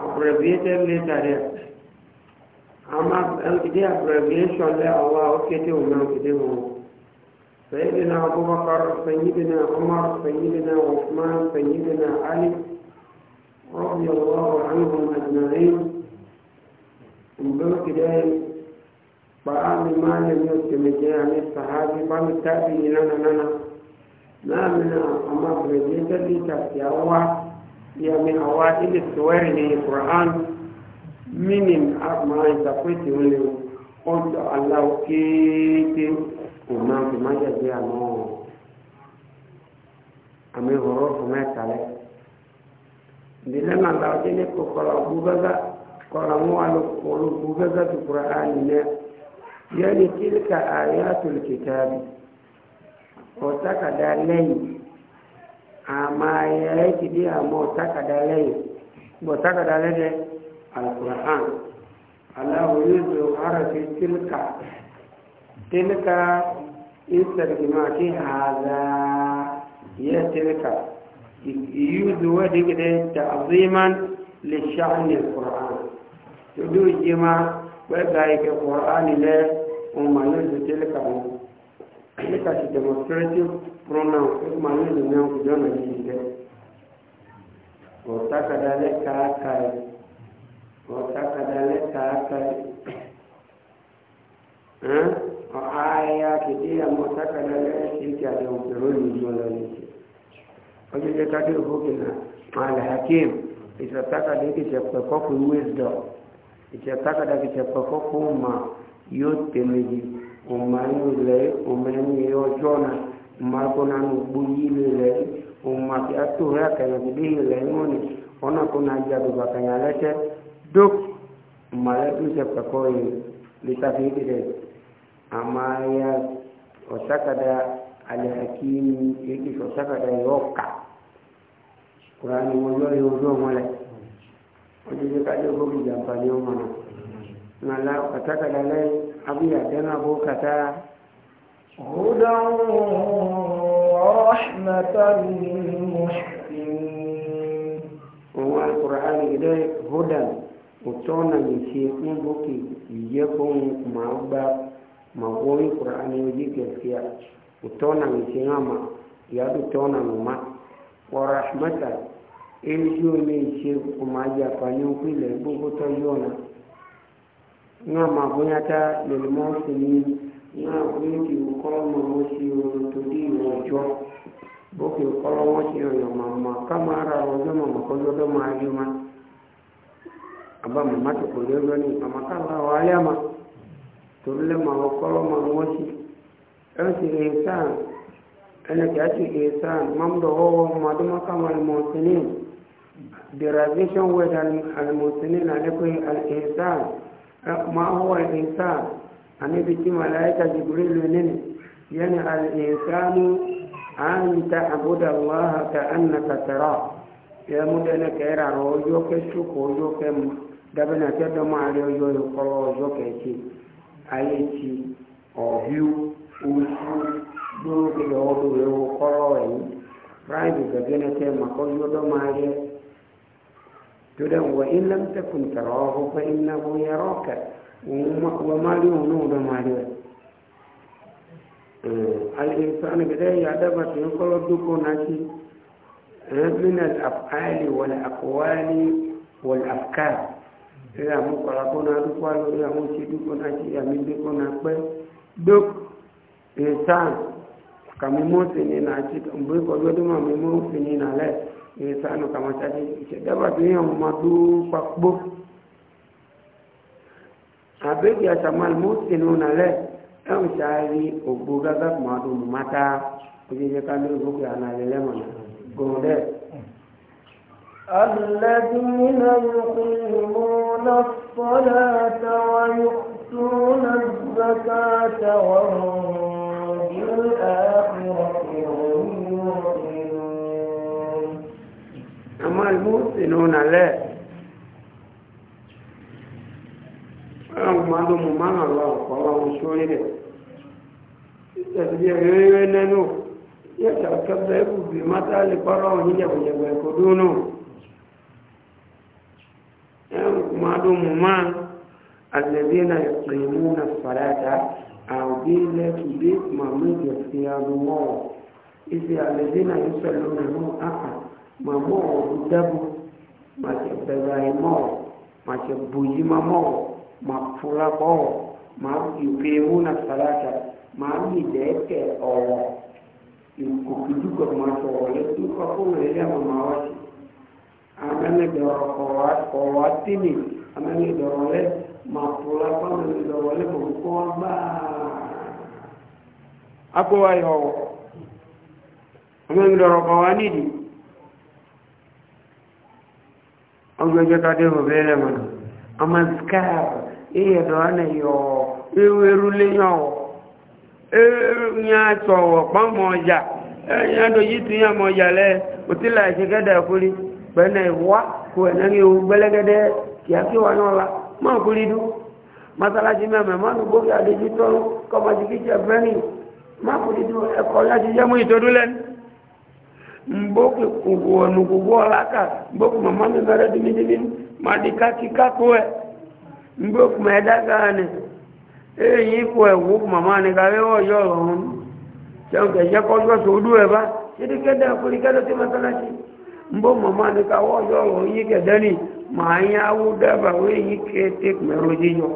abbreviated letter there. Ama ẹnkìdí abbreviation lẹ́ ọwọ́ ó kéde òun náà kéde òun. سيدنا أبو بكر سيدنا عمر سيدنا عثمان سيدنا علي رضي الله عنهم أجمعين بلوك بالكداية فآمن ما لم يسلم جامع الصحابي فمن تأتي لنا لنا ما من أمر رجيتا لتأتي الله يا من أوائل السور القرآن من أما إذا قلت له قلت الله كيتي ìmọ̀ ìmọ̀ jẹ̀bi àmọ́ àmì ìhòòhò fún mẹ́ta lẹ. ìdílé náà la ọjọ́ ní kò kọ̀ọ̀lọ̀ bú gẹ́gẹ́ kọ̀ọ̀lọ̀ mú wa ló kọ̀ọ̀lọ̀ bú gẹ́gẹ́ tó kura á nìyẹn. yẹ́nì kílíkà àyè àtòlùkìtà bi ọ̀tá kàdá lẹ́yìn àmà ayẹ ẹ̀kì dí àmọ́ ọ̀tá kàdá lẹ́yìn ọ̀tá lẹ́dẹ̀ alukura hàn. aláwo yóò zo ara fi kílíkà kílíkà. استرجماتي هذا يتلك يود وجهه تعظيما لشأن القرآن تدو جما وقايك القرآن لا وما تلك تلك demonstrative pronoun وما يود نعم جون الجيدة وتكذلك كاكاي وتكذلك كاكاي ها aya kidira motaka na lesi ya uperoni jona lesi ojeje kadiri hukina mala hakim itataka diki cha kwa wisdom itataka diki cha kwa kuma yote miji umanyu le umanyu yojona makona nubuyile le atu atuhra kana kidiri le ngoni ona kuna jabu bakanyalete duk mala tu cha kwa litafiki amma ya osaka da alhakimi yake osaka da yoka kurani wọn yọ yóò dún ọmọ rẹ wọn ti ṣe kájọ gbogbo ìjàmbá ní ọmọ náà nala osaka da lẹyìn abuya dẹnu abo kata. هدى ورحمة للمحسنين هو القرآن إليه هدى وتونا من شيخ بوكي يكون معبد magoi qur'ani yoji gaskiya utona tona mi ya du tona mu wa rahmata in ju shi kuma ya fanyu ku bugu to yona na ma bunya ta lil muslimin na bunya ki kolmo to di kamara o do aba ma to ni wa torí lẹ́mọ̀ àwọn kọ́lọ́mọ̀ ni wọ́n sì ẹ̀rọ sì rèé sáà ẹnìkẹ́ á sì rèé sáà mọ́mọ́dọ̀ ọwọ́ ọmọdémọ́kàmọ́ alimọ̀síní derivation word alimọ̀síní alẹ́kọ̀ọ́ alẹ́sáà máa wọ́ alẹ́sáà àníbi tí màláyíkà jìbìrì lónìí yẹni alẹ́sáàmù àyíntà àbúdà wàhà ká ẹnìkà tẹ̀rọ yẹ mú dẹ́nà kẹ́rà rọ ọjọ́ kẹ́ sùkọ̀ ọjọ́ kẹ́ mu dábẹ́nà kẹ́ dọ́mọ àlẹ́ ọjọ́ yìí kọ́lọ́ ọjọ́ kẹ́ ṣe ayeti ohiu usu duki odu eu koroi raibu gagana te makoyo do maye tudan wa in lam takun tarahu fa innahu yaraka wa mali unu do maye al-insan bidai ya daba tin kolo duko naci min al-af'ali wal aqwali wal afkar ilé àmúkọ̀lá kó náà dúpọ̀ lórí àwọn òṣèlú kó náà ṣe àmì ilé kó náà pẹ́ dók ìtàn kàmí mọ́sí ni náà ṣe kàmbé kọjú ọdún mọ̀ mi mọ́sí ni náà lẹ̀ ìtàn kàmọ́ ṣáṣe ìṣẹ̀dábà tó yàn máa tó papọ̀. àbẹ́kì àṣàmọ́ mọ́sí ni náà lẹ̀ ẹ̀ ń ṣáárí ògbó gágá kùmọ̀ àdó mọ́ta ó ṣe jẹ́ ká lórí gbogbo àná الذين يقيمون الصلاة ويؤتون الزكاة وهم بالآخرة هم يوقنون أما المؤمنون لا ọlọ́run máa ló mú márùn àlọ́ ọ̀pọ̀lọ́ ohun sórí rẹ̀ ìtẹ̀síbí rere nínú yẹ́ta kẹfẹ́ ibùgbé mátàlì pọ́lọ́run níjẹ̀kùjẹ̀kù ẹ̀kọ́ dúró náà معلوم ما الذين يقيمون الصلاة أو بيلك بيت مميت يصيامون إذا الذين يصلون هم أحد ممو دبو ما تبدأي مو ما تبوي مو ما فلا مو ما يقيمون الصلاة ما بيلك أو يكوكدوك ما تولدوك أو يلي ما مواشي amẹ́nidọ̀rọ̀ ọ̀wá tìmì amẹ́nidọ̀rọ̀ lẹ́ máa pòlá pàmẹ́nidọ̀rọ̀ lẹ́ mọ̀ kó wọ́n gbà á. akpọ̀wá yọ ọ̀wọ̀ amẹ́nidọ̀rọ̀ kọ̀ wá nídìí ọgbẹ́jọ́ ká dé òbí rẹ̀ mọ̀ ọmọ skáàp ìyẹ̀dọ̀ ọ̀nà yọ eweru léyàn ọ̀ ẹ̀yà tọ̀wọ̀ pọ́nmọ̀ ọjà ẹ̀yà tó yí tìyàn mọ̀ ọjà lẹ́ òtílà ìṣẹ́gẹ́dẹ̀ fúri bẹ́ẹ̀ wá kó ẹ̀nẹ́rí ohun gbẹ́lẹ́gẹ́dẹ́ kìákí wà náà la máa kú lídú masalasi mẹ́mẹ́ mánu gbókè àdéjú tọ́rọ kọmọdé kíkẹ́ fẹ́ni máa kú lídú ẹ̀kọ́ láti jẹ́ mú ìtọ́dú lẹ́nu mbókè kòkò ọ̀nù kòkò ọ̀làkà mbókè màmá mi mẹ́rẹ́ dúmí dúmí máa di kákí kákó ẹ̀ mbókè mẹ́ dága ni èyí kò ẹ̀ wó màmá ni kàwé ọ̀yọ́ ọ̀hún sẹ́wọ̀n kẹ̀ṣẹ́ kọ́jọ́ sódú ẹ̀ bá ṣe mbó mọ̀mọ́ ní ká wọ́jọ́ yí gẹ̀dẹ́ ni màá yá wó dábà wé yí kété mẹ́rọ jíyọ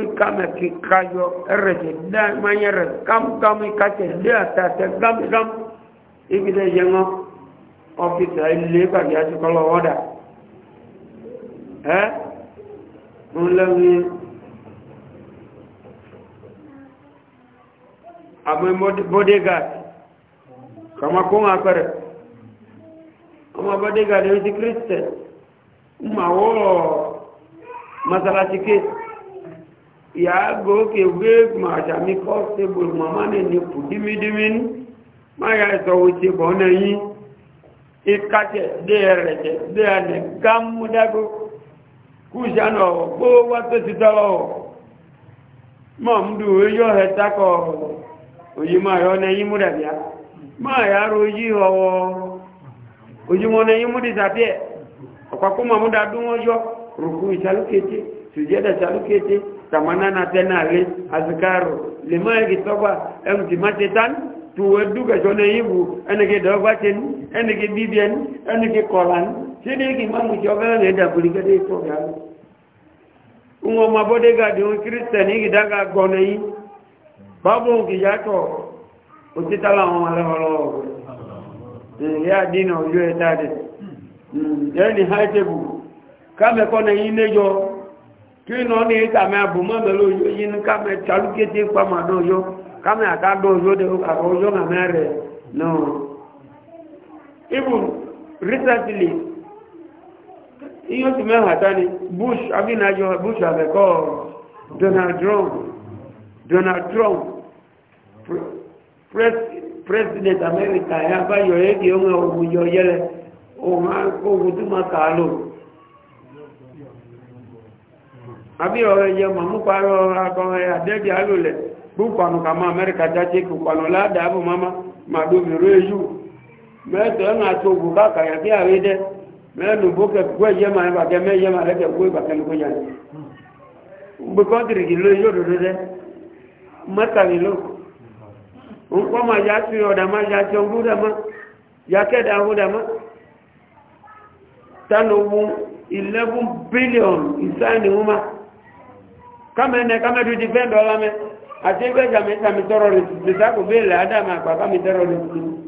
ìkàmẹ̀ kíkà yọ ẹrẹ̀jẹ̀ dá máyẹ̀ rẹ̀ kámkámú ìkàtẹ̀ dé àtàtẹ̀ gámgám ìgbìdẹ̀ yẹ wọn ọ́fíìsì ilé pàdé àtìkọ́lọ̀ ọ̀dà ẹ́ ń lẹ́yìn àmì bodyguard kàmákùn ọmọ abọ́dégà lè ti kírísítẹ̀ ma wọ́ọ̀ masalachike ìyá gòkè wé màṣàmí kọ́ sébù màmá ní ní kù dímídímí ní má yà ìsọ̀wò ṣe bọ̀ ọ́nà yìí ìkàtẹ̀ dé ẹ̀rẹ̀jẹ̀ dé ẹ̀nẹ̀ gámúdágó kú ìṣànà ọ̀gbó wá tó ti tọ́lọ̀ mọ̀mdù yóò ẹ̀ sákọ̀ òyìnbó ayọ́ ní yín múdàbíà má yà ró yí ọwọ́ ojúmọ́ náà yín mú disappear ọ̀pákó mọ̀ mú dadú wọn yọ rùkú ìsàlùkété sùjẹ́dà ìsàlùkété tàmánánà tẹ́nàlé azikaro lè mọ́ ẹ̀kì sọ́gbà ẹ̀mù ti má ti tán tùwẹ́ dúkẹ̀ṣọ́ náà yín wù ẹnìkè dọ́gbàṣẹ́ ní ẹnìkè bíbíẹ ní ẹnìkè kọ̀ọ̀lá ní ṣé ní kì má mú ìṣọ́ fẹ́ràn ẹ̀dà bòlíkẹ́dẹ́ ìtọ́gà lọ ŋun ọmọ bọ́dégàdì ohun kírísítẹ̀ní ìdága gọ́nà yìí bábọ̀ òkè yàtọ̀ òtítà láwọn ọmọ alẹ́ ọlọ́wọ́ ọ̀gbọ̀n ìrìn àdínà ojú ẹ̀ta rẹ̀ ẹni haitebu kámẹ́kọ́ na yí méjọ kí iná ní ìtàmẹ́ àbùmọ́mẹ́lú ojú yí ní kámẹ́ tàlúkété pàmàdà ojú kámẹ́ àtàdọ̀ ojú àwọn ojú na mẹ́rẹ̀ náà even recently iye tí mẹ́hà bush abínájọ bush àbẹ̀kọ́ donald trump donald trump pre, president america ya bá yọ éèdì ohun ọ̀gbùn yọ yẹlẹ ohun ogun tó máa kà á lò àbí ọ̀rẹ́ yẹ mọ̀ mú parọ́ akọrin àdẹ́bí alólẹ̀ gbogbo àwọn kàmọ́ amẹ́ríkà jáde kò pàlọ́ ládàábò máma màdóbìnrin èyí mẹ́tọ̀ ẹ̀nà àti ogun bí ní nkɔma yatu ɔdama yatu ɔdama yakɛda ɔdama tani wu eleven billion isaani wu ma kame nɛ kame do defend ɔla mɛ ati ebe jami jami tɔrɔ le tuta ko bee le adama akpa kame tɔrɔ le tutu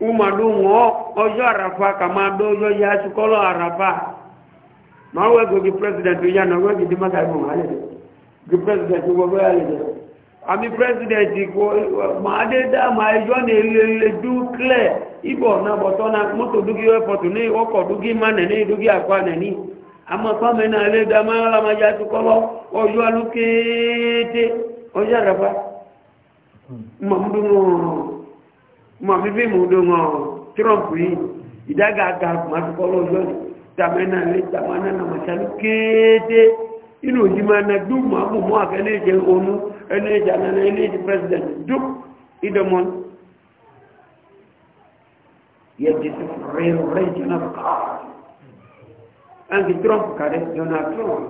umadu ŋɔ ɔjɔ arafa kama do ɔjɔ yatu kɔlɔ arafa maa wɛ gogi president yanu wɛ gidi maka ibo ma ale de gi president wɔ bɛ ale de. àmì president kò máa dé dá máa ẹjọ́ ní ilé dúklẹ̀ ibọ̀ náà bọ̀tọ́ na mọ́tò dúkì airport ní ọkọ̀ dúkì mánẹ̀ ní dúkì àkọ́ ànẹ̀ ní àmọ́ fáwọn ẹ̀nà ilé dá máa lámájá ma kọ́lọ́ ọjọ́ alúkété ọjọ́ àràfà mọ̀mídé mọ̀dún trump yìí ọjọ́ inú òjì máa dùn elèyí jàmẹ́nà elèyí president duk idomon yẹ jésù rẹ̀rọ rẹ̀ jẹ́nà káà ẹnkì trump kàdé donald trump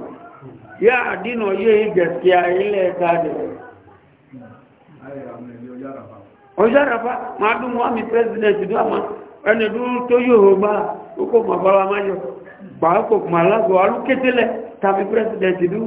yá àdínà yé ìgẹ̀sì ilẹ̀ kàdé ọjọ́ràfà máa dún wọ́n mi president dún àmà ẹni dún tó yóò gbá ó kò mọ̀ bá wa máa yọ gbà ó kò mọ̀ alágbò alúkétélẹ̀ tàbí president dún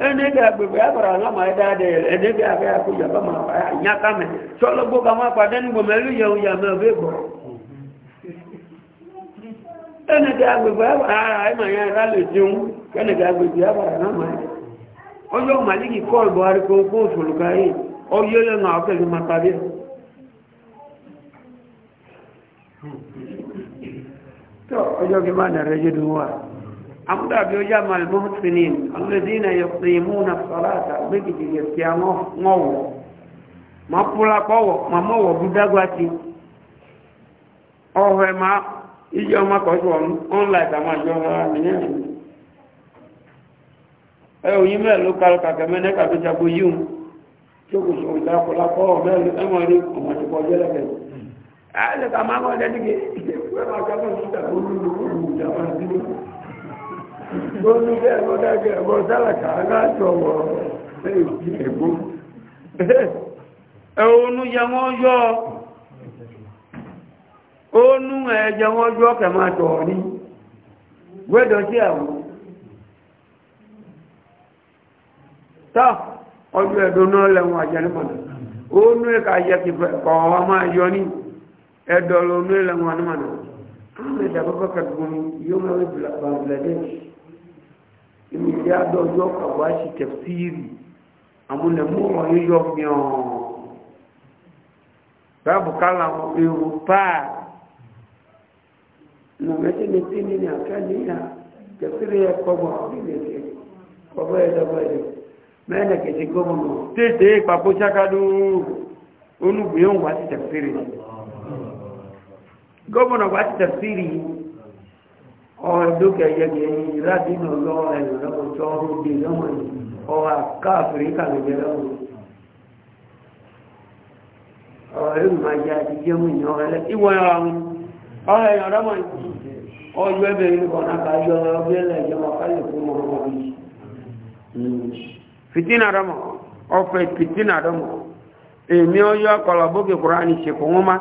ene ga agbara la ma da de ene ga ga ku ya ba ma ba nya ka me so lo go ga ma pa den go ya ya me be go ene ga agbara ai ma ya ra le jun ene ga na ma o yo maliki call bo ga o yo le na o ke ma ta bi to o yo ke ma amda bi oja mal muhsinin alladhina yuqimuna as-salata biki ji kiyamo ngowo mapula kowo mamowo budagwati owe ma ijo ma ko so online ta ma jo ha ni e o yin me local ka ke me ne ka bi ja boyun ko o ma ti ko je le lórí bẹ́ẹ̀ ló dákẹ́ ẹ̀bọ́ sálàkà aláàtọ̀wọ̀ ẹ̀gbó ẹ̀hónú jẹ wọ́n yọ́ ónú ẹ̀jẹ wọ́n yọ́ kẹmàtọ̀ ní gbẹ́dọ̀ sí àwọn tá ọjọ́ ẹ̀dọ́nà lẹ́wọ̀n àjẹ́nìmọ̀nà ónú ẹ̀ka yẹ kí ọ̀wọ́ máa yọ ní ẹ̀dọ̀ lónú ẹ̀lẹ́wọ̀n ànímọ̀nà imi ti adọ ọjọ kàwá ṣe tẹfsiri amúnẹmú ọyọ yọ miàn báàbù kálá wọn ewu paa nà mẹsẹ ní tí ní ní àkàlíyà tẹfsiri yẹ kọgbọn ọdún yẹ kọgbọn yẹ dọgbọn yẹ mẹ́rin kẹsì gómìnà tètè ìpapò ṣákàdù olùgbé òun wá sí tẹfsiri gómìnà wá sí tẹfsiri ọdún kẹjẹkẹ láti inú lọ́wọ́ ẹ̀rọ lọ́wọ́ tó ọdún dé lọ́wọ́ yìí ọwà káàfìríkà ló jẹ lọ́wọ́ ọ̀rẹ́ ìmọ̀ ajá àti jẹ́mú ìyàn ọ̀rẹ́lẹ́ ìwọ̀n ara wọn ọ̀rẹ́ ìyàn ọ̀rẹ́mọ̀ ọjọ́ ẹbẹ̀ ìlú kan náà kájọ ọgbẹ́ ilẹ̀ ìjọba kálẹ̀ fún ọmọ ọmọ yìí fìtínà rọmọ ọfẹ fìtínà rọmọ èmi ọjọ́ kọlọ̀ bókè kúránì ṣèkùn wọn má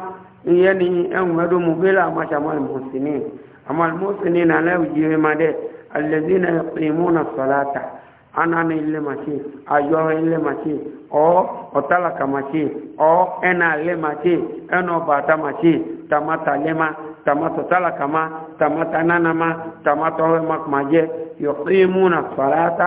ìyẹn ni ẹ̀hùn ẹdùnmù bẹ́lẹ̀ àmàṣàmọ́ ìmọ̀sí nìyẹn أما المؤمنين لا يجيهم ده الذين يقيمون الصلاة أنا اللي ماشي أيوه اللي ماشي أو أتلاك ماشي أو أنا اللي ماشي أنا باتا ماشي تماتا لما تماتا تلاك ما تماتا نانا ما تماتا هو مك ماجي يقيمون الصلاة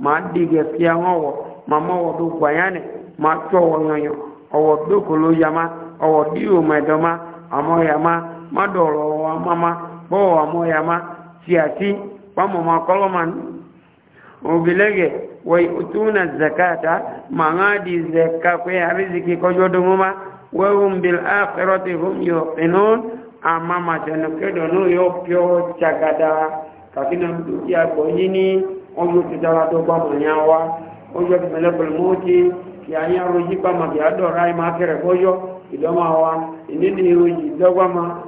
ما ديجي فيها هو ما ما ودو بيانه ما شو ونيو أو ودو كلو يما أو ديو ما دوما أما يما ما دولو أما bo wa mo ya ma ti ati wai mo ma kolo man o bilege wa utuna zakata ma ngadi zakka ko ya riziki ko jodo ma wa hum bil akhirati hum yuqinun ama ma tan ke do no yo pyo chagada ka kina mdu ya ko yini o yo ti dawa do ba mo nya wa o yo ti mele bul muti ya nya ro ji pa ma ya do rai ma kere ko yo idoma wa ini ni ro ji do ma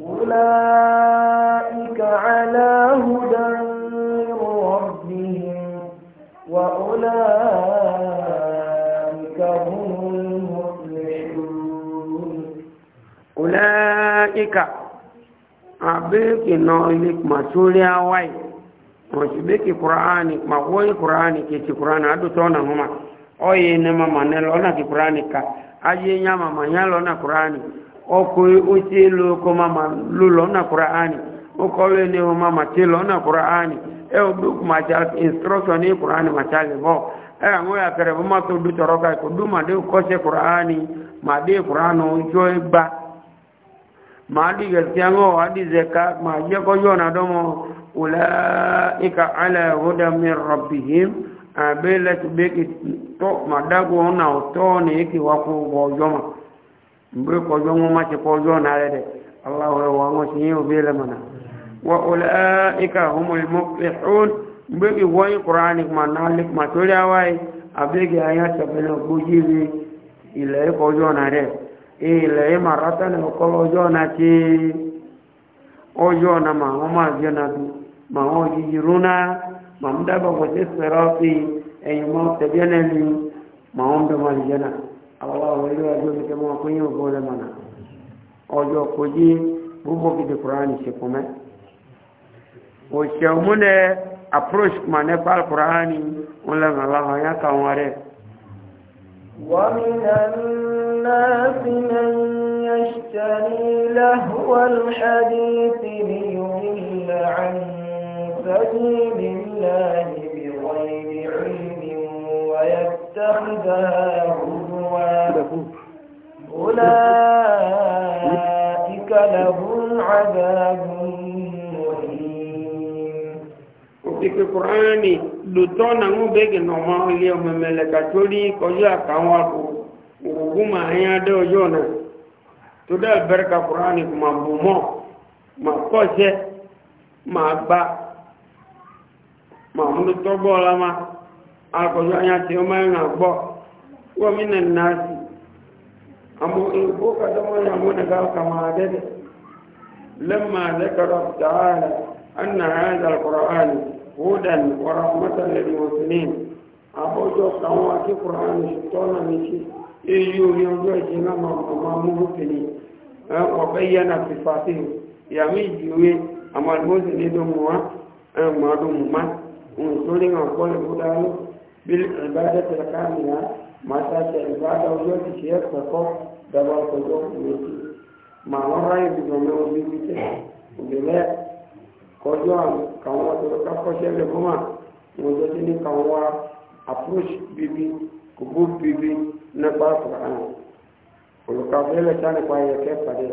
أولئك على هدى من ربهم وأولئك هم المفلحون أولئك abeki nolik masuli awai masibeki qur'ani magoi qur'ani ke ci qur'ani adu tona huma oye ne mama ne lona ki qur'ani ka aje nyama manyalo na qur'ani ọkùnrin ó ṣe é lo kó máa máa lò lọ́nà kùránì ó kọ́ lé ní ọmọ máa ṣe lọ́nà kùránì ẹ ò bí kò máa ṣe instruction ní kùránì máa ṣe àlè bọ́ ẹ àwọn àkẹrẹ̀ bó máa tó dùtọ̀rọ̀ ká kò dùn màdé kọ́ṣẹ́ kùránì màdé kùránì ojú ẹ gbá màdé gẹ̀ẹ́sì àwọn àdìsẹ̀ ká máa jẹ́ kọ́jú ọ̀nà dọ́mọ wòlẹ́ ìka alẹ́ ìwọ́dà mi rọ̀bìhìm àbẹ́lẹ̀ tó bẹ́ẹ̀ kì tó màdágùn ọ̀nà ọ̀tọ́ ni èkì wá kó ọjọ́ máa. mbe kojo ngoma che kojo na lede allah wa wango sinyo bele mana wa ulaika humul muflihun mbe bi woni qur'ani ma nalik ma tori awai abege aya cha bele bujibi ile kojo na re ile marata na kojo na ti ojo na ma ma du ma oji runa ma mdaba ma awawa wele ya jomi kemo wa kunyo bole mana ojo koji bubo kiti qur'ani se kome o shemune approach mane pal qur'ani ulla allah ya kanware ومن الناس من يشتري لهو الحديث ليضل عن سبيل الله بغير علم ويتخذها هدوا أولئك لهم عذاب Ìpè Kùránì lòtọ́ na ń bèèrè nọ̀mọ́ ilé ọmọ mẹ́lẹ̀kà tó rí kọjú àkàwọn àkó ògùn máa ń yá dé ọjọ́ náà. Tó dá ìbẹ̀rẹ̀kà Kùránì kò máa bù mọ́, máa pọ̀ máa gbá, máa múlùtọ́gbọ́ ọlá máa akọ̀jọ́ anya tí ó máa ń ràn gbọ́ wọ́n mi nà nà sí àmọ́ ìbò kàtọ́ mọ́ ní àmọ́ nàgá ọkà máa dẹ́dẹ̀ lẹ́mà lẹ́kọ̀rọ̀ tààrà anna hàzà alkùrán húdàn wọ́rọ̀ mọ́tàlẹ̀ mọ̀sùlùmí àbójọ káwọn akí kùrán tọ́nà mi sí èyí orí ọjọ́ ìjì náà máa mú rúkìlì ọ̀pẹ́ بالعبادة الكاملة ما تاتي العبادة ويوتي شيخ فقط دبر فجوه ميتي ما وراي بجمع وبيبيته وبلا كوجوان كوا تركا كوشيل لكما وجدني كوا أبروش بيبي كبوب بيبي نبا قرآن والكافرين كانوا قاية كفر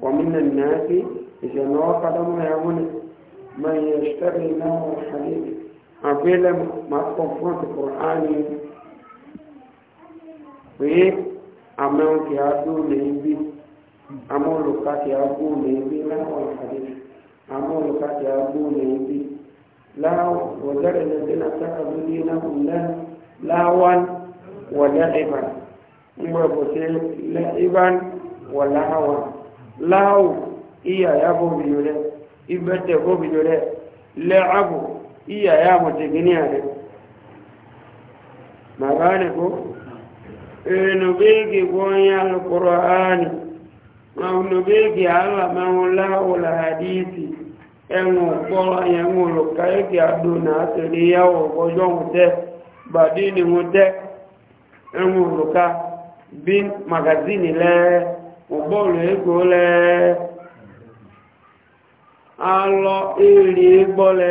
ومن الناس إذا نوى قدمنا يومنا من يشتري له الحديث àfihàn máa kọ̀ fún àti kùránì pé àmẹ́wọ̀n kì á dó lè bí àmọ́ olùkà kì á gbó lè bí láwọn àdéhùn àmọ́ olùkà kì á gbó lè bí láwọn wọ̀dẹ́rẹ̀ lẹ́dẹ́ náà sábà lórí láwọn náà láwọn wọ̀dẹ́rẹ̀ bá ń gbọ́ bó ṣe lẹ́ẹ̀bán wọ̀ láwọn láwọn ìyá yá bóbi lò rẹ̀ ibẹ̀ tẹ̀ bóbi lò rẹ̀ lẹ́ẹ̀bù. iya ya kutegemea magane ko eno eh, bigi gonya alqur'ani mauno bigi ala maula wala hadithi enu ko yanu lokai ki aduna tele yawo gojo mute badini mute enu loka bin magazini le obolo ego le alọ iri gbole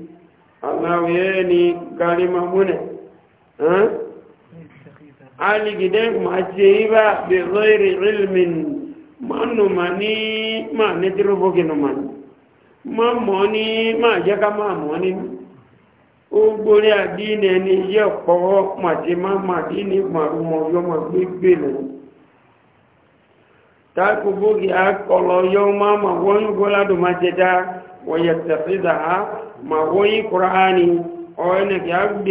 aláwẹ̀ẹ́ni kalima múnẹ̀ alìgìdẹ́ ma ṣe ibá bí rọ́ìrì ilmin mọ́nù ma ní ma ní tírófókínù ma ní ma mọ́ ní ma jẹ́ ká ma mọ́ ní ó gbórí àdínì ẹni yẹ́ pọ̀wọ́ màtí ma ma dínì màrúmọ̀ yọ́ ma gbégbé lọ tákùbókì akọlọ yọ́ ma ma wọ́n yóò gbọ́ládùn ma jẹ́ dáa ويتخذها ما وي قراني او انك يعد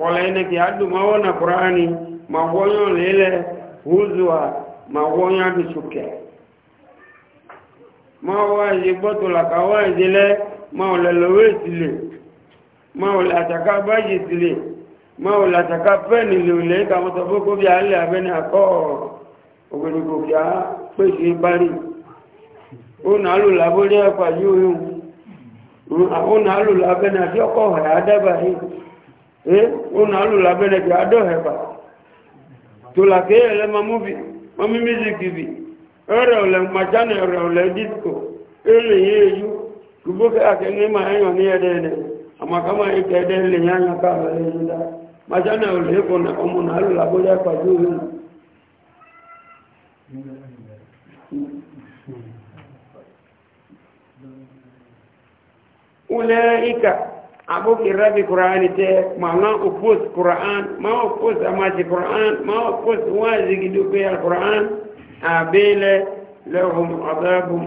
ولا انك يعد ما وانا قراني ما وي ليله هزوا ما وي عند شكه ما واجي بطل كواجي له ما ولا لويت له ما ولا تكابجي له ما ولا تكابني له كما تبوكو بيعلى بين اكو وغني بوكيا بشي باري òun àlùlà bó lé ẹ̀pà yóò yóò òun àlùlà bẹ́nà tí ọkọ̀ ọ̀hẹ̀ adẹ́bà yìí òun àlùlà bẹ́nà tí adọ́hẹ̀bà tó làkéyè lẹ́ ma múbi ma mí mísìkì bì ẹ̀rẹ̀ ọ̀lẹ̀ màjánà ẹ̀rẹ̀ ọ̀lẹ̀ disco ẹ̀rẹ̀ yìí èyú gbogbo kẹ́kẹ́ ní ma ẹ̀yàn ní ẹ̀dẹ́ ẹ̀dẹ́ àmàkàmà ìkẹ́ ẹ̀dẹ́ ẹ̀lẹ̀ yẹn àyàká ẹ̀rẹ̀ yìí dá màjánà ọ̀lẹ̀ ẹ̀kọ́ ọmọ nàálùlà bó ulaika abu kirabi qur'ani te mama opus qur'an ma opus amaji qur'an ma opus wazi gidupe al qur'an abele lahum adabum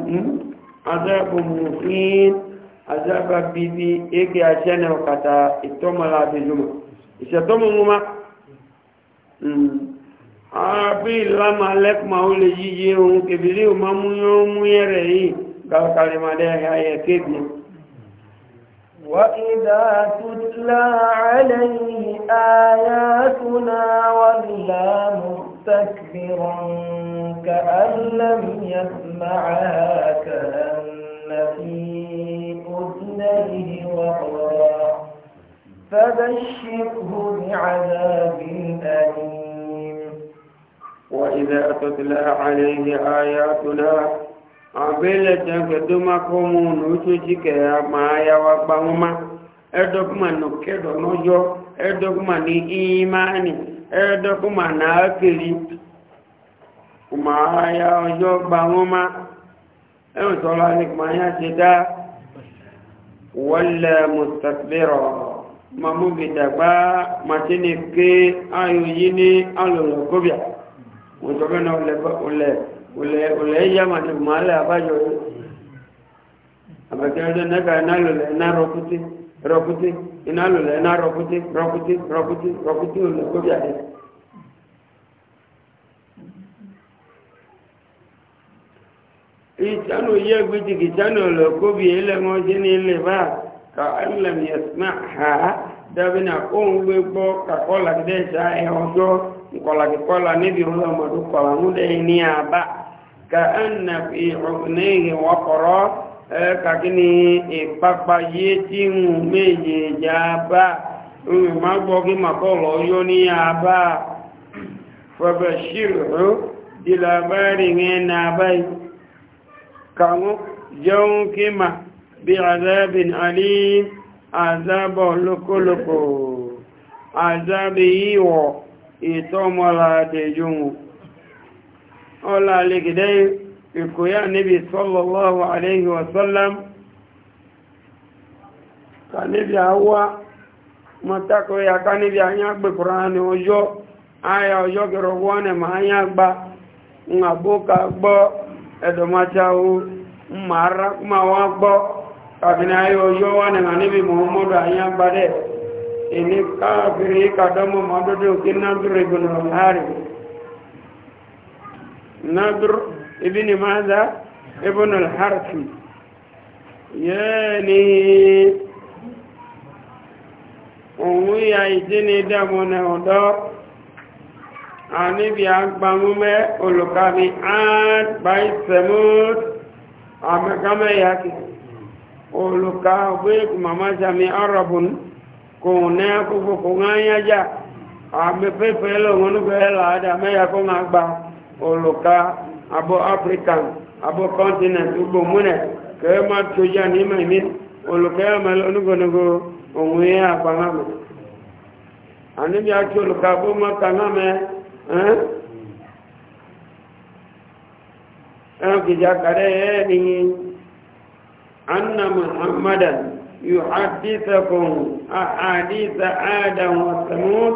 adabum mufin azaba bibi eke achana wakata itomala bijuma isatomo nguma mm abi lama lek maule yiye un kebili umamu yo muyere yi kalkalimade haye kidni وإذا تتلى عليه آياتنا ولا مستكبرا كأن لم يسمعها كأن في أذنيه وقرا فبشره بعذاب أليم وإذا تتلى عليه آياتنا abele tanke duma komu nuchu chike ya maaya wa banguma edo kuma nukedo nojo edo kuma ni imani edo na akili maaya ojo banguma ewo tola ni maaya chida wala mustakbira mamu bidagba Ma ke ayo yini alolo kobia mo na ulẹ̀ yàmà ti mọ̀ alẹ́ àbájọ yìí àbẹ̀kẹ́rẹ́dẹ́ nẹ́ka iná lòlẹ̀ iná rọkútí rọkútí iná lòlẹ̀ iná rọkútí rọkútí rọkútí rọkútí olè kóbi àdé ìtànù yẹ gbìtì kìtànù olè kóbi ilẹ̀ wọn sí ní ilẹ̀ bá ka alẹ́m yẹsùmá ha dábì náà òun gbé gbọ́ kakọ́lá kìdẹ́ ìta ẹ̀ ọjọ́ nkọ́lá kìkọ́lá níbi ọlọ́mọdún kọ́lá ń dẹ́ ní àbá كأن في عقنيه وقرا كأني إبقى يتم ميجابا ما بقي ما قالوا يوني أبا فبشره إلى بارين أبي كانوا يوكما بعذاب أليم عذاب لكلكو عذاب يو إتوم ولا تجمو ọlá alẹ́gidẹ́ ìkòyà níbi sọ́lọ́lọ́wọ́ àlẹ́yìn wàsọ́lám ka níbi àwọ́ mọ́tàkọ́yà ká níbi àyàgbé kùránì ọjọ́ ayà ọjọ́ kẹrọ wọ́n nẹ̀ máa yàgbá ń àbókà gbọ́ ẹ̀dọ̀mácháwó ń máa rákùmá wá gbọ́ kàbìnà ayà ọjọ́ wọ́n nẹ̀ máa níbi mọ́mọ́dù àyàgbá nadr ibn maza ibn al-harfi yẹ́ni òun ya ìdíni dẹ́mu ní ọ̀dọ́ àníbi agbamúmẹ́ olùkàmí ant by semut àmẹ́kámẹ́ yàkì olùkà ọgbẹ́kù màmá sami arabun kò ní akókò kò ń áyájá àmẹ́fẹ́fẹ́ lọ́wọ́n nígbẹ̀ẹ́ làádà mẹ́yà kó oloka abo african abo continent ugbo mune kee ma toja n'ime imi oloka ya mele onugonogo onwe ya akpa ha me anibi aki oloka abo maka ha me ẹn eh? eh, kìí jákàrẹ́ ẹ̀ eh, nìyí anna muhammadan a ahaditha adam wa samud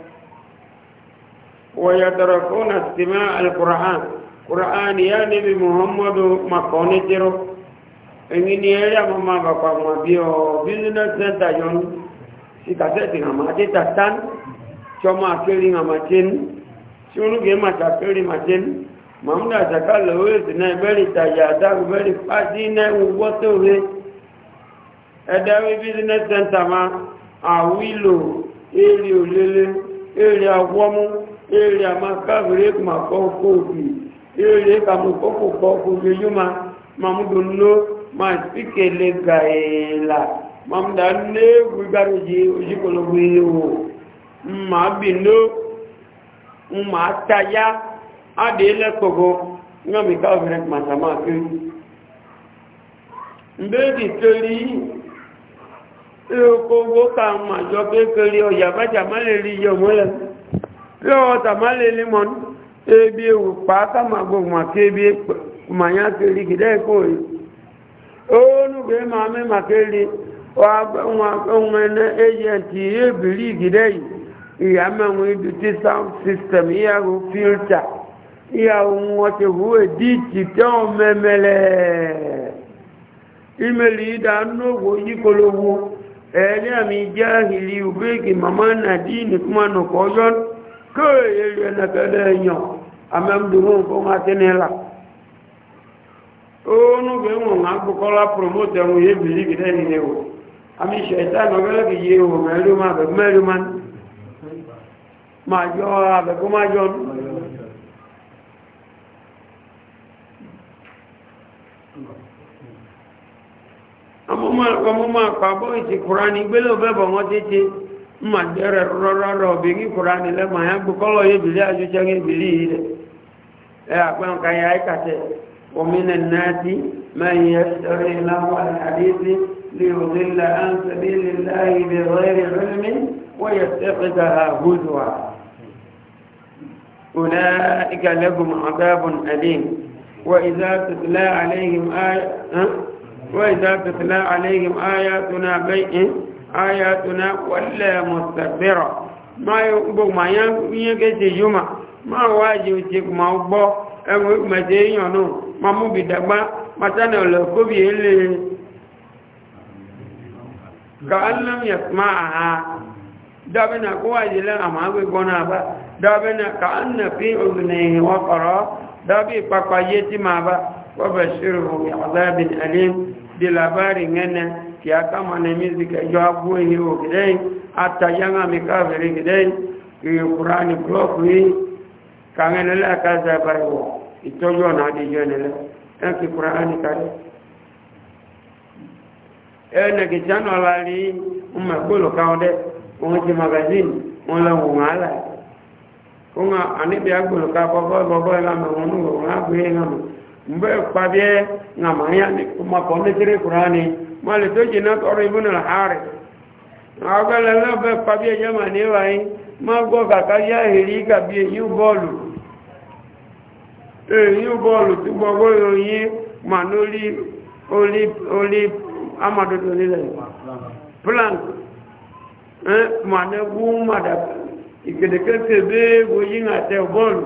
ويتركون استماع القرآن قرآن يا نبي محمد ما كونترو إنني يا ماما بابا ما بيو بيزنس سنتا يون si kasẹ́ẹ̀tì àmàdé tàtán ṣọmọ akéré àmàdéni tí olùgbé màtà akéré àmàdéni mahmudu àṣàká lọ́wọ́ èsì náà bẹ́rẹ̀ ìtajà àdáàrù bẹ́rẹ̀ pàdé náà wọ́ tóore ẹ̀dáwé business center ma àwílò èrè òlélé èrè àwọ́mú èrè àmàkàwèrè kùmàkọ́ òkú òkú èrè kàmùkọ́kù kọ́kù yóyúmá mamudunlo ma síkèlè gàèlà mamuda lé ma ojúkọlọgbọ ìwò ma bìnú ma tayá adé lẹ́kọ̀ọ́gọ́ ngọ́mí káwèrè kùmàtàmà kí mbéèdì torí ìhòkòwò kà máa jọ kékeré ọ̀yà bájà ọ yabaja pure water ma le ebi ewu paaka ma gbogbo ma ke ebi ma nya keli gida eko yi onugbe ma me ma keli ohun ene yi ìyá mẹ́rin ibi tí sound system ìyàwó filter ìyàwó wọn ìmẹ̀lì jẹ́ ìlú kéèyè rẹ̀ nẹ̀kẹ́dẹ́ yàn amẹ́mdùmọ́ nǹkan wá sí nílà oónú bí wọn wọn agbókọ́lá promote ẹ̀hún yé bìlí kìdẹ́ nílé o àmì ṣẹ̀dá ìmọ̀gẹ́lẹ́ kì yé o mẹ́rin máa bẹ̀ mẹ́rin máa máa jọ abẹ̀kọ́ máa jọ nù. ọmọ máa pa bọ́ ìsìnkúra ní gbélé òbẹ́bọ̀ wọn tètè. màjẹrẹ rọrọrọ obìnrin kura nílẹ màá gbókọlọ yé bìlí àjọjọ yé bìlí yìí rẹ ẹ àgbọn kan yà áìkàtẹ òmìnà nàájí mẹyìn ẹsẹrẹ ìlànà àdéhìí lè òdè là án sẹbí lè láàyè bẹ rẹrẹ rẹmi wọ́n yẹ sẹ́fẹ̀dà àhùzùwà أولئك لهم عذاب أليم وإذا تتلى عليهم آية وإذا تتلى عليهم آياتنا بيئة ayatuna wala mustakbira ma gbogbo ma ya yẹn kéde yuma ma wáyé o ti ma gbọ́ ẹ̀wọ̀n mẹ̀tẹ̀ èèyàn náà ma mú bi dàgbà ma sani ọ̀lẹ̀ kóbi yẹn lè ka alam yẹ kuma aha dọ́bi na ma bá wọ́n bẹ̀ ṣírò ọ̀gbìn alim di labari ngẹ́nẹ́ kiaka manemizi kejo abu hiyo kidai ata yanga mikaviri kidai kurani block hii kangenelea kazi ya ito itojo na adijonele enki kurani kare ene kichano lali umekulo kaonde unji magazini unla ungala kunga anibi agulo ka bobo bobo ngame unugo ngabwe ngame mgbe kpabie na maya maka onekere kurani malite ji na kọrọ ibu na hari agalala mgbe kpabie ya ma na ịwaghị ma gwọ ka karịa ahịrị bi eyi bọọlụ eyi bọọlụ tụgbọ gwọghị onye ma n'oli oli oli amadodo nílẹ̀ plank e, ma na egwu mada ìkèdèkè tebe egwu yi na te bọọlụ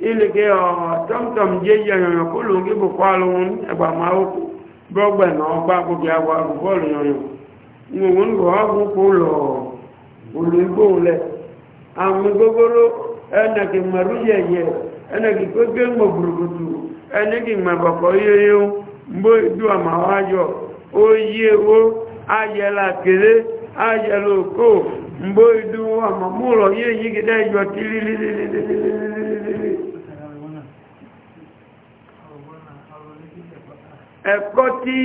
ilike tọmtọm jeji yọnyọ kólù gí bùkọ alùhun ẹgbà máa bụ kú gbọgbẹ náà gbá gbogbo àwọn alùbọọlù yọnyọ ńgbòhun gbọ ọgùn kó lọ òlù igbó lẹ àwọn gbogbooro ẹnẹkì mẹrù yẹyẹ ẹnẹkì gbégbé ńgbò burúkutu ẹnẹkì mẹbọkọ yẹyẹ mbó du àmàwọn àjọ ó yẹ ó ayẹlà kéré ayẹlà du àmàmúlọ yẹyẹ gidẹ yọ tí ẹ̀kọ́ tí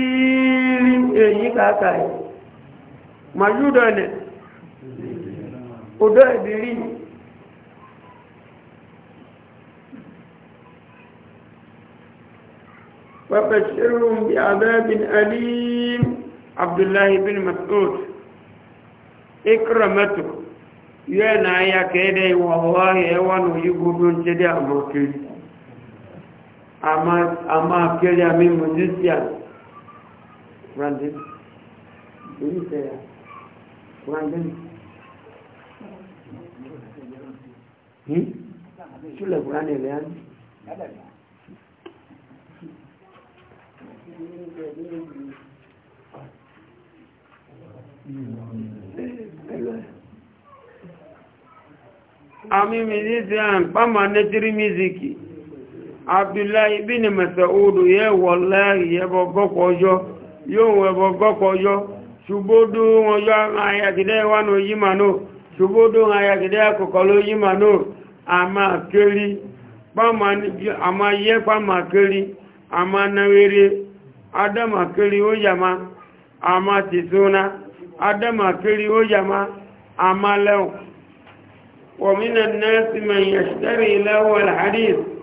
èyí kàákà ẹ̀ màjúdọ̀ ẹ̀nẹ̀ odó ẹ̀bìrí وبشرهم بعذاب أليم عبد الله بن مسعود إكرمته يانا يا كده والله يوانو يقولون كده أبوكي a máa kéré àmì musician brandon oníṣẹ́yà brandon ṣúlẹ̀ brandon rẹ̀ á ní àmì musician permanent music abdullahi bin masaudu yẹ wọláyì ẹbọ gọ́kọ̀ ọjọ́ yóò wọ ẹbọ gọ́kọ̀ ọjọ́ ṣùgbódó ọjọ́ ayagidẹ́ wà ní oyí mà náà ṣùgbódó ayagidẹ́ akọ̀kọ̀ ama yí mà náà àmà kéré àmà yẹ pàmà adama kéré ó yàmá àmà tìsúná adama kéré ó yàmá àmà lẹ́wọ̀n wọ̀mínà náà sì mẹ́yìn ẹ̀ṣẹ́rì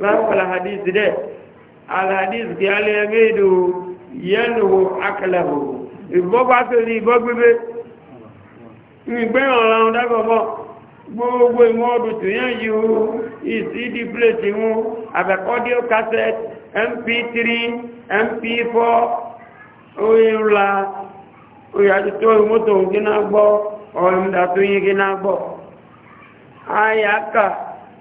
láwọn alhadis dẹ̀ alhadis kí a lè ẹgbẹ́ ìdò yẹ́nu akẹlẹ̀bò ìbọ́gbà tó ní ìbọ́ gbébé ìgbẹ́yàn ọ̀làrun gbogbo ìwọ̀n ọdún tó yẹn yíò ìsídì plẹ̀tì cassette mp3 mp4 oyinla oyàtútó mọ́tò gíná gbọ́ ọ̀rìndà tó yín gíná gbọ́ ayaka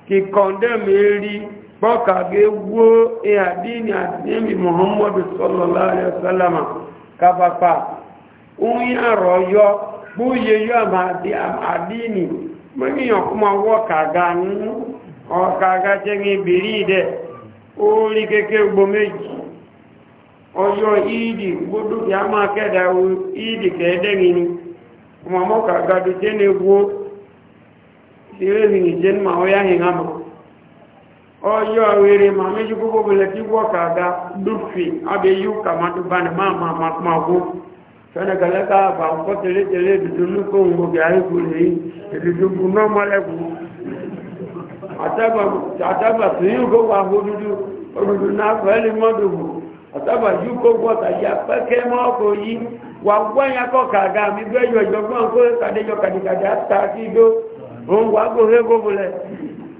kìkọ̀ndẹ̀mù èrí bọ́ọ̀kà gẹ́gbó ìhàdíni àdínmì muhammadu sallallahu alaihi wasallam kápapá oyin àrọ̀ yọ yọ àdínì mẹ́yàn kúmọ wọ́kàgá ní ọkàgá jẹ́ ní ìbìrí ìdẹ̀ orí kékeré gbó méjì ọjọ́ ìdì gbódú kí a máa kẹ́dà ìdì kẹ́ẹ̀dẹ́rin ni ọmọ ọjọ́ wèrè ma méjì gbogbo bẹ̀lẹ̀ tí wọ́ kàga lúfì abẹ́yú kàmàdúbánì máa ma ma ma gbó fẹ́nẹ̀gẹ̀lẹ́ta àbà ọkọ́ tẹ́lẹ́tẹ́lẹ́ ìdùdú lúkọ̀ọ́ gbogbo àríkù rèé gwa bú náà mọ́lẹ́kù àtàgbà tó yíò gbogbo àwọn òdúdú òdúdú náà fẹ́lẹ̀ mọ́dùnmù àtàgbà yíò gbogbo ọ̀tàyà pẹ́kẹ́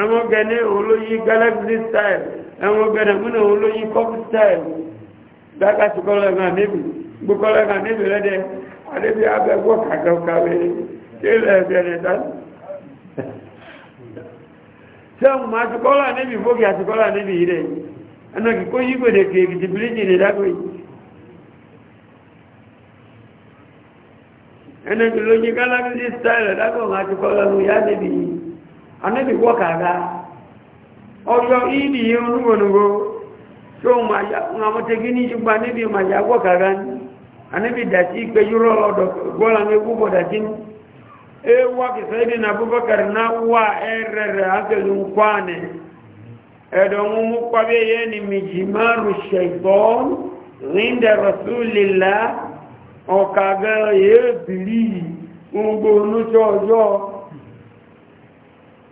ẹ̀wọ̀n gẹ̀ẹ́nẹ́ olóyí galaxy style ẹ̀wọ̀n gẹ̀ẹ́nẹ́ múnà olóyí cup style dákàtí kọ́lẹ̀gà níbi gbókọ́lẹ̀gà níbi lẹ́dẹ̀ adébí abẹ́gbọ́ kàkàkàwé kílẹ̀ ẹ̀gẹ̀rẹ̀ dá sẹ́wọ̀n máa ti kọ́lá níbi fókì àti kọ́lá níbi yìí rẹ̀ ẹnà kíkó yí gbèdéke èkìtì bíríjì ní dákò yìí kí galaxy style dákò máa anabi wọ́ kàrá ọjọ́ ìdí yìí onúgbònúgbò tó àmọ́tẹ́gí ní ṣùgbọ́n anabi màjá wọ́ kàrá ní anabi dàtí pé yúrọ̀ ọ̀dọ̀ gbọ́la ní púpọ̀ dàtí ní ewa kìfẹ́ ìdí na búbọ́kàrì náà wà ẹ̀rẹ̀rẹ̀ ákẹ́lù ń kọ́ ànẹ ẹ̀dọ̀ ń mú pàbí yẹ́ ni mìjì márùn ṣẹ̀gbọ́n ríndẹ̀ rọ̀súlélá ọ̀kàgẹ́ yẹ́ bìlì gbogbo onúṣọ́ ọjọ́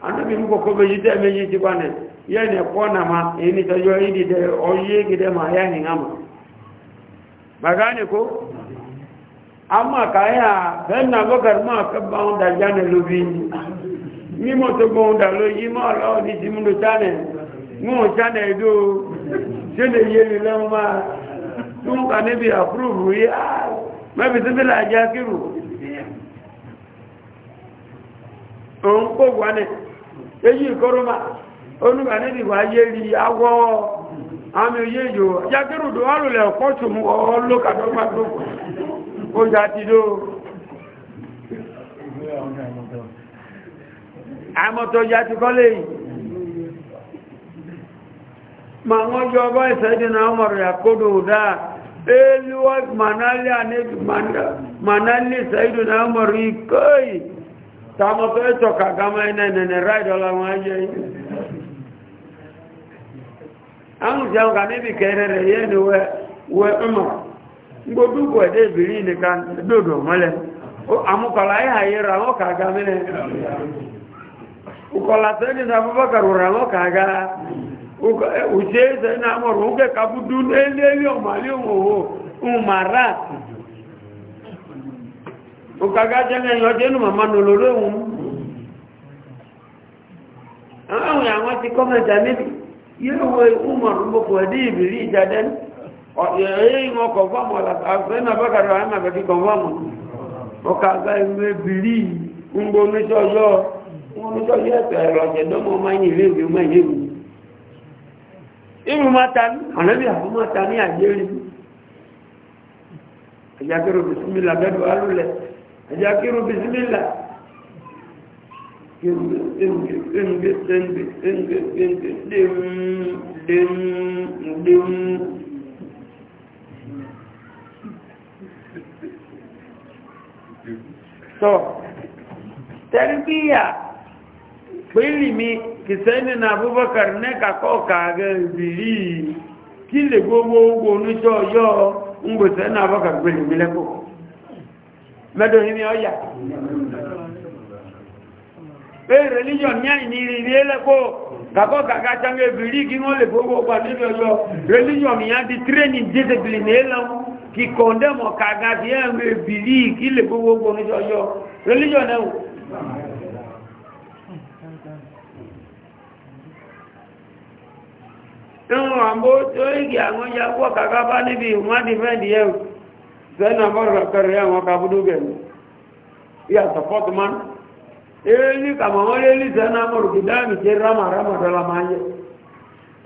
anubi mkoko mejite mejiti bane yani pona ma ini tajua hili de oye gide ma yani ngama magane ko ama kaya benna bakar ma kabba onda jane lubini mimo to bonda lo yimo lo ni timundo chane mo chane do jene yeli lama tunga nebi approve ya mabi tibila ajakiru on ko gwane èyí ìkọrọmà onúgbà níbi wà yé rí awọ́ àmì òye yòó jákèrùdù ọlùlẹ̀ ọ̀pọ̀tù mú ọlọ́kàdọ́gbà tó kó jà ti dó àmọ́tọ́ jà ti kọ́lé yìí ma wọ́n jọ ọba ìsẹ́jì náà mọ̀rọ̀ àkódò dáa èlúwọ́ manálì tàmọ́ fẹ́ tọ̀kà gámọ́ iná ìnẹ̀nẹ̀ ráìdọ̀ láwọn ayé yìí àwọn ìjẹun kà níbi kẹrẹ rẹ̀ yẹ́ ni wẹ́ ọmọ gbogbo ẹ̀dẹ́ ìbìrí nìkan dòdò mọ́lẹ̀ àmúkọ̀lá ayé ayéra àwọn kà gámọ́ iná ukọ̀lá sẹ́ni ní abúbákàrù rà àwọn kà òkàgá jẹ́lẹ̀ ìyọjẹ́nù màmá nòlòrò òun àwọn àwọn ti kọ́mẹ̀tà níbi yíò umar gbogbo ẹ̀dí ìbìrí ìjàdẹ́ ẹ̀yẹ́ ìwọ̀n kọ̀fọ́mù àfẹ́nà bọ́kàrọ̀ àmàbẹ̀kí kọ̀fọ́mù òkàgá ìwé ìbìrí ńgbó oníṣọ́yọ́ ẹ̀fẹ̀ ẹ̀rọ̀ ọ̀jẹ̀dọ́mọ̀ ọmọ ilé ìwé ọmọ ilé ìwé ìrù máa ta ní àlẹ́bí àwọn máa ta ẹ̀já kírun bisimilá kírun kírun kírun kírun kírun dẹ́m dẹ́m tọ́ tẹ́rìbíyà pẹ́lìmí kìsẹ́ni na abubakar nẹ́kàkọ́ kààgẹ́ ìbìrí kí lè gbogbo ogun oníṣọ́ yọ́ ń gbèsẹ́ ní abubakar pẹ́lìmí lẹ́kọ̀ọ́ mẹ́dọ̀ yìí ni pé religion ní àìní ìrírí ẹlẹ́kọ́ kàkọ́ kàkà sáwọn ebìrí kí wọ́n lè gbogbo ọgbà nínú ọjọ́ religion yà di training discipline ẹlẹ́wọ̀n kì kọ̀ndẹ́mọ̀ kàkà sí ẹ̀rọ ebìrí kí lè gbogbo ọgbà nínú ọjọ́ religion ẹ̀wọ̀n ẹ̀wọ̀n àbó tó ìgbà àwọn yà wọ́ kàkà bá níbi ìwádìí fẹ́ sẹ́nà bọ́rọ̀ kẹrẹ àwọn kàbúdú gẹ̀mí yàtọ̀ fọ́tman èyí kàmọ̀wọ́n lè lè sẹ́nà bọ́rọ̀ kì dáàmì jẹ́ rámà rámà dọ́là máa yẹ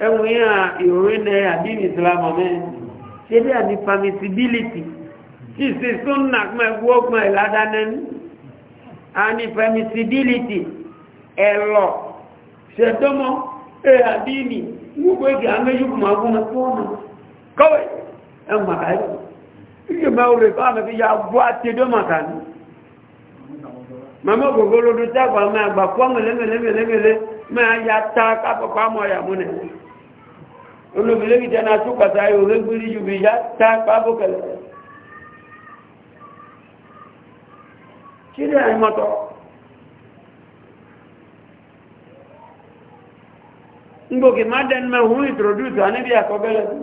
ẹ̀wọ̀n yà ìròyìn nẹ àdínì islam mẹ́ ṣe bí àní permissibility kì í ṣe súnà kúmọ̀ ẹ̀kú ọkùnrin ìlàdá nẹ́nu àní permissibility ẹ̀lọ́ ṣẹ̀dọ́mọ́ ẹ̀ àdínì gbogbo ẹ̀kẹ́ àmẹ́yùkùnmọ̀ ọkùnrin fọ́ọ̀nù ìgbìmọ̀ òrè fún àfẹ́fẹ́ ya gbọ́ àti ẹjọ́ màkà ní màmá ògògó lódún tí àgbà máa gbà fún mẹ́lẹ́mẹ́lẹ́mẹ́lẹ́ máa ya ta kápọ̀pọ̀ àmọ́ ọ̀yà múnẹ̀ olùbílẹ̀ ìjẹ́ náà tún pàtà ìwòrẹ́ gbírí ju bí ya ta pábókẹ̀lẹ̀ kí ni àìmọ́tọ̀ ń gbòkè má dẹnu mẹ́hún ìtòròdú ìtò àníbí àkọ́bẹ̀lẹ̀ fún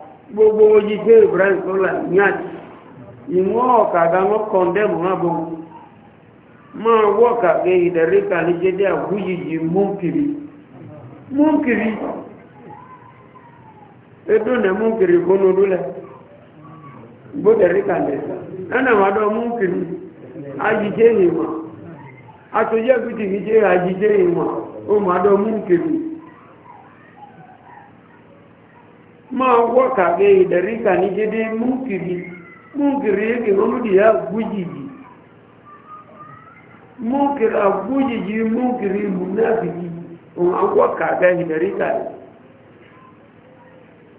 gbogbo ojijé ibrahim kọ́lá yáàtì ìwọ́n ọ̀kàgá wọ́n kọ̀ndẹ̀mù wọn bọ̀ máa wọ́ kàgẹ́ ìdẹ̀ríkà ní jẹ́dẹ́ àwúyìyì múnkiri múnkiri edónà múnkiri gbónúdúlẹ̀ gbódẹ̀ríkà lẹ́sà ẹnà wà dọ́ múnkiri ajijé ìmọ̀ máa wọ́kà gẹ ìdẹ̀ríkà ní dédé múnkìrí múnkìrí èkè olùdíyà gbújìjì múnkìrí àgbújìjì múnkìrí múnáfìjì òun àwọ́kà gẹ ìdẹ̀ríkà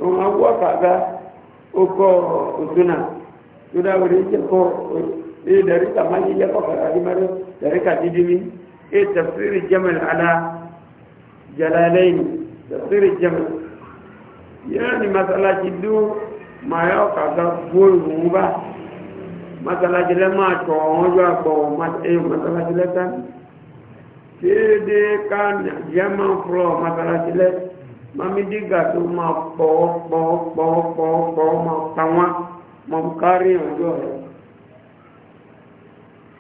òun àwọ́kà gẹ ọkọ̀ òtúnà tó dáwọ̀dé jẹ́kọ̀ ìdẹ̀ríkà máa jẹ́ kọ̀kàrà ìmẹ́rẹ́ ìdẹ̀ríkà dídí mi ìtẹ̀sírí jẹ́mẹ̀lá jalalẹ́yìn tẹ̀sírí jẹ́mẹ̀lá yẹ́nì masalasi dún mayọ́ kàkà bóòlù ń bá masalasi lẹ́ máa tọ̀ wọ́n jọ àpọ̀ masalasi lẹ́ tán kéde ká yẹ́mọ̀ fúlọ̀ masalasi lẹ́ mami dígà tó máa pọ̀ pọ̀ pọ̀ pọ̀ pọ̀ máa pa wọ́n mọ̀ kárí ọjọ́ rẹ̀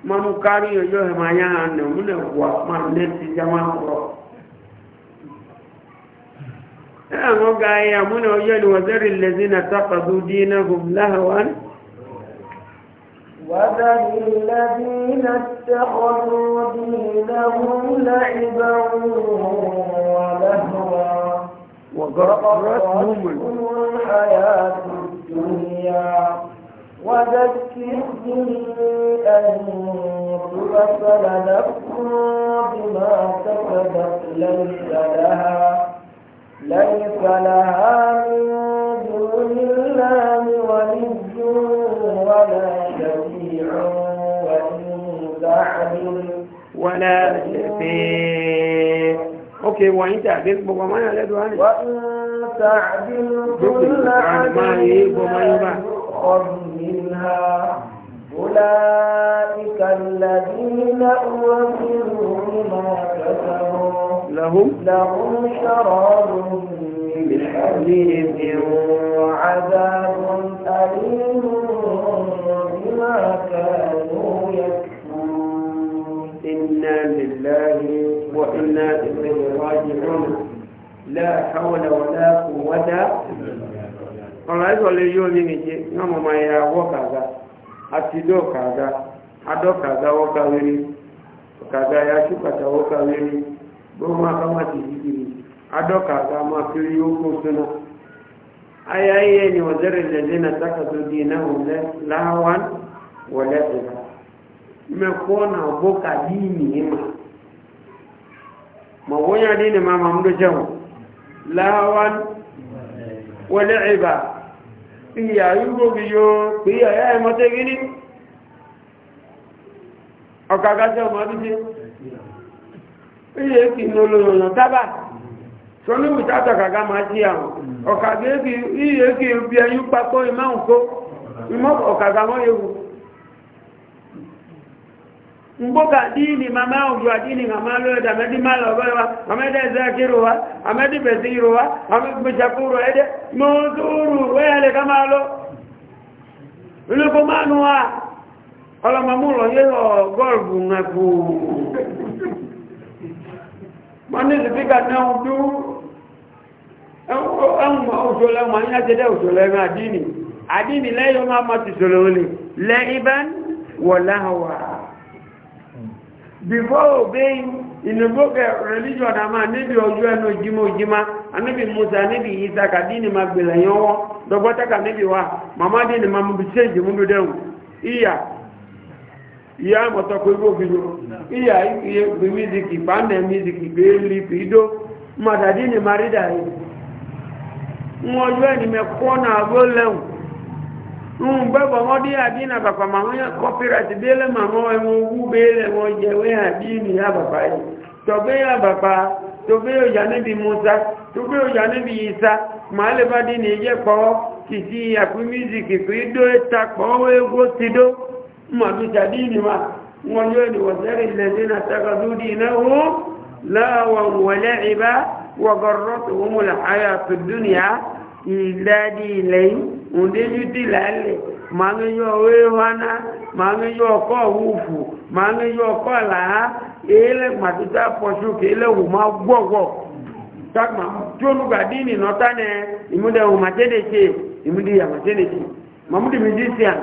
mọ̀ kárí ọjọ́ rẹ̀ máa yá ànà òun lè wà máa lẹ́sí jẹ́ máa pọ̀. àwọn ga ayé àmúnà ọjọ́ ni wàzẹ́rì lèzí na tàkàdù dínà hùm láhàwán وذل الذين اتخذوا دينهم لعبا ولهوا وغرتهم الحياة الدنيا وذكر به أن تبصر نفس بما كسبت ليس لها ليس لها من دون الله ولي ولا شفيع وإن تعدل ولا شفيع أوكي وإن تعدل بقى ما يلد وإن تعدل كل حديث منها أولئك الذين أوفروا بما كسبوا لهم لهم شراب من وعذاب أليم بما كانوا يكفرون إنا لله وإنا إليه راجعون لا حول ولا قوة ọ̀rọ̀ ẹ̀sọ̀ yóò ní nìjẹ́ náà mọ̀ máa ya wọ́ kàga àti dọ́ kàga adọ́ kàga wọ́ kàwérí kàga ya ṣùkàtà wọ́ kàwérí gbogbo akama ti di kiri adɔka kama kiri oko suna aya iye ni ɔzɛrɛ lɛlɛ na takato di na wòlɛ lawan wòlɛ ila mɛ kɔ na bó ka di nìyí ma mɛ wónya di ma mamudu jɛm lawan wòlɛ ila iya yúgbó bi iya yá ɛmɔtɛ gini ɔkaka jɛ ɔmɔ bi jɛ. ilé èkì ní olóòrùn tábà sọlúwù tátà kàkà máa jí àwọn ọ̀kàgà èkì ilé èkì bí ẹyún papọ̀ ìmáhùn kó ìmọ́ ọ̀kàgà wọ́n yóò mboka dini mama ujua dini mama leo tamedi mala wewa amedi zakiru wa mọ́ní ìsìnkà náà dú ẹ̀wọ̀n òṣòlẹ̀ wọn yá jẹ́dẹ̀ òṣòlẹ̀ ẹ̀rùn àdínì àdínì lẹ́yọ eh, máa mọ́ ti ṣòlẹ̀ olè lẹ́ ibán wọ̀ before religion níbi ẹnu musa níbi isaka níbi wa mú bí ṣe ya mọ̀tọ́ pé gbógi ló ìyà ìpìyẹ pè mízìkì pàánẹ̀ mízìkì pé lè pè ìdó mọ̀tàdí ni marídà yìí wọ́n yọ ẹni mẹ́kọ́ náà gbó lẹ́wọ̀n ń gbẹ́bọ̀ wọ́n dí àdínà bàbà màwọn yẹn kọ́pírẹ́tì bí lè màmọ́ ẹ̀wọ̀n owó bí lè wọ́n jẹ̀wé àdínì yá bàbá yìí tọ́gbé yá bàbá tọ́gbé òjà níbi musa tọ́gbé òjà níbi isa màá lè ما بسبيل ما وليون وذر الذين اتخذوا دينهم لاوا ولعبا وغرتهم الحياة الدنيا إلا دينين ودين دلالي ما نجوا ويوانا ما نجوا كوفو ما نجوا كلا إلى ما تتابعوا كلا وما بوغو takma jonu ga dini notane imude umatedeke imudi ya matedeke mamudi mizisiana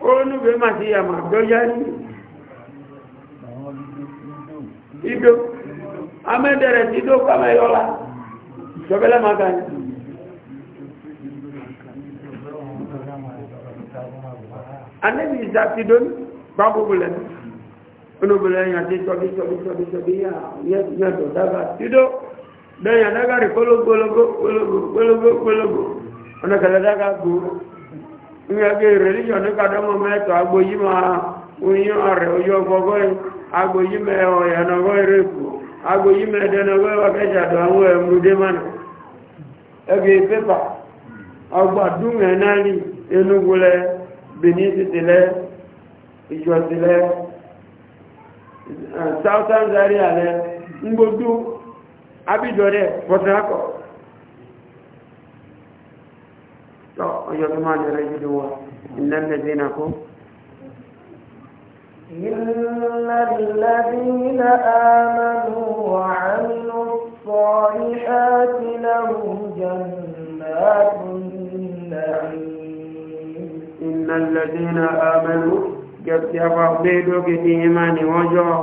onúgbé máa ti yàmà àgbọ́yá ní ìdó amẹ́dẹ̀rẹ̀ tí ìdó pàmẹ́ yọ́lá ṣọ́bẹ́lẹ́ máa ga ní anẹ́bí ìsàtìdó ní pàgbógbòlẹ̀ onúgbòlẹ̀ yàn tí sọ́bí sọ́bí sọ́bí sọ́bí yàtọ̀ dága ìdó dẹ́yàn dága rí gbólógbólógbó ọ̀nà kẹlẹ̀ dága gbòó ìgbẹ́gbẹ́ religion ní kàdọ́mọ̀ mẹ́tọ̀ agbóyí máa oyún ọ̀rẹ́ ojú ọgbọ́gọ́rin agbóyí mẹ́ ọ̀yànàgọ́ ìrẹ́kù agbóyí mẹ́ ẹ̀dẹ́nàgọ́ ìwàkẹ́jàdọ̀ àwọn ẹ̀mùdé mánà ẹgbẹ́ pépà ọgbàdúnmẹ̀ náà ní enúgulẹ̀ benin títílẹ̀ ìjọsílẹ̀ southern zaria lẹ́ ngbódú abidọ̀rẹ́ port harcourt tọ́ ọjọ́ tó máa jẹ́rẹ́ jù lọ ìlẹ́lẹ́dínà kó. إن الذين آمنوا وعملوا الصالحات لهم جنات النعيم إن الذين آمنوا جبت أفضلوا كإيمان وجوه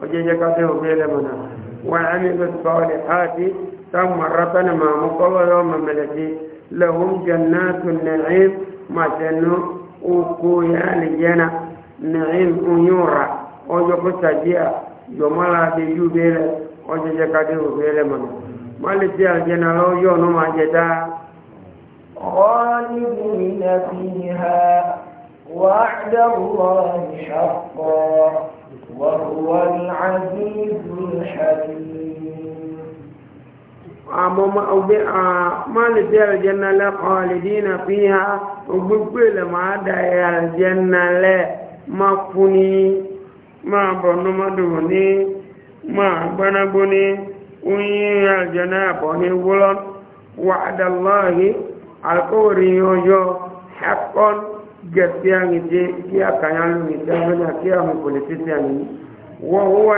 وجيجك في أبيلمنا وعملوا الصالحات ثم ربنا ما مقبل وما ملكي لهم جنات النعيم ما جنو اوكو يا لجنا نعيم انيورا اوجو كسجيا جمالا بيجو بيلا اوجو جكادو بيلا من مالتي الجنة لو يو نما جدا خالدين فيها وعد الله حقا وهو العزيز الحكيم mọ́lẹ̀dẹ́ àjẹ́nà lẹ́kọ̀ọ́ àlèdínà fi ha gbogbo ilẹ̀ máa dáyẹ àjẹ́nà lẹ́ máa kú ní máa bọ̀ nọ́mọ́dù ní máa gbánagbó ní oyin àjẹ́nà àbọ̀ ní wúlọ́n wàdàláhì alkọ́wòrì yọjọ́ ẹ̀kọ́n gẹ̀ẹ́sì àyíjẹ́ kí àkànyà lórí ìtẹ́gbẹ́nà kí àwọn kòlẹ̀tẹ́sì àyíjẹ́ wọ́n wọ́n wà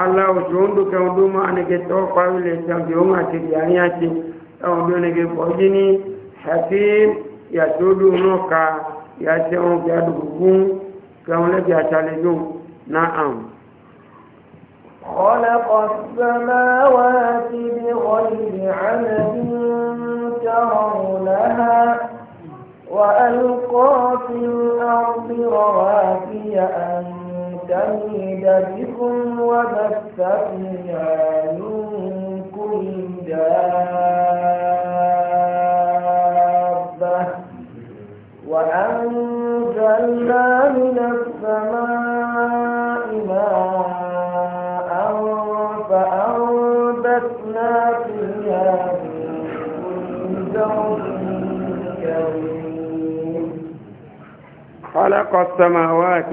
aláwọ̀ tó ń dókẹ́ ọdún máa nìkẹ́ tó parí lè jàǹdì ó máa ti yà ní àti ẹwọ̀n bí ó nìkẹ́ pọ̀ jí ní àti yàtọ́dún náà ka yàtí ẹwọ̀n kí adùnkún kẹwọn lẹ́bi àtàlejò náà àmì. خلق السماوات بغير عمد ترونها وألقى في الأرض رواسي أن تميد بكم وبث فيها من كل دابة وأنزلنا من السماء ماء فأنبتنا فيها من كل خلق السماوات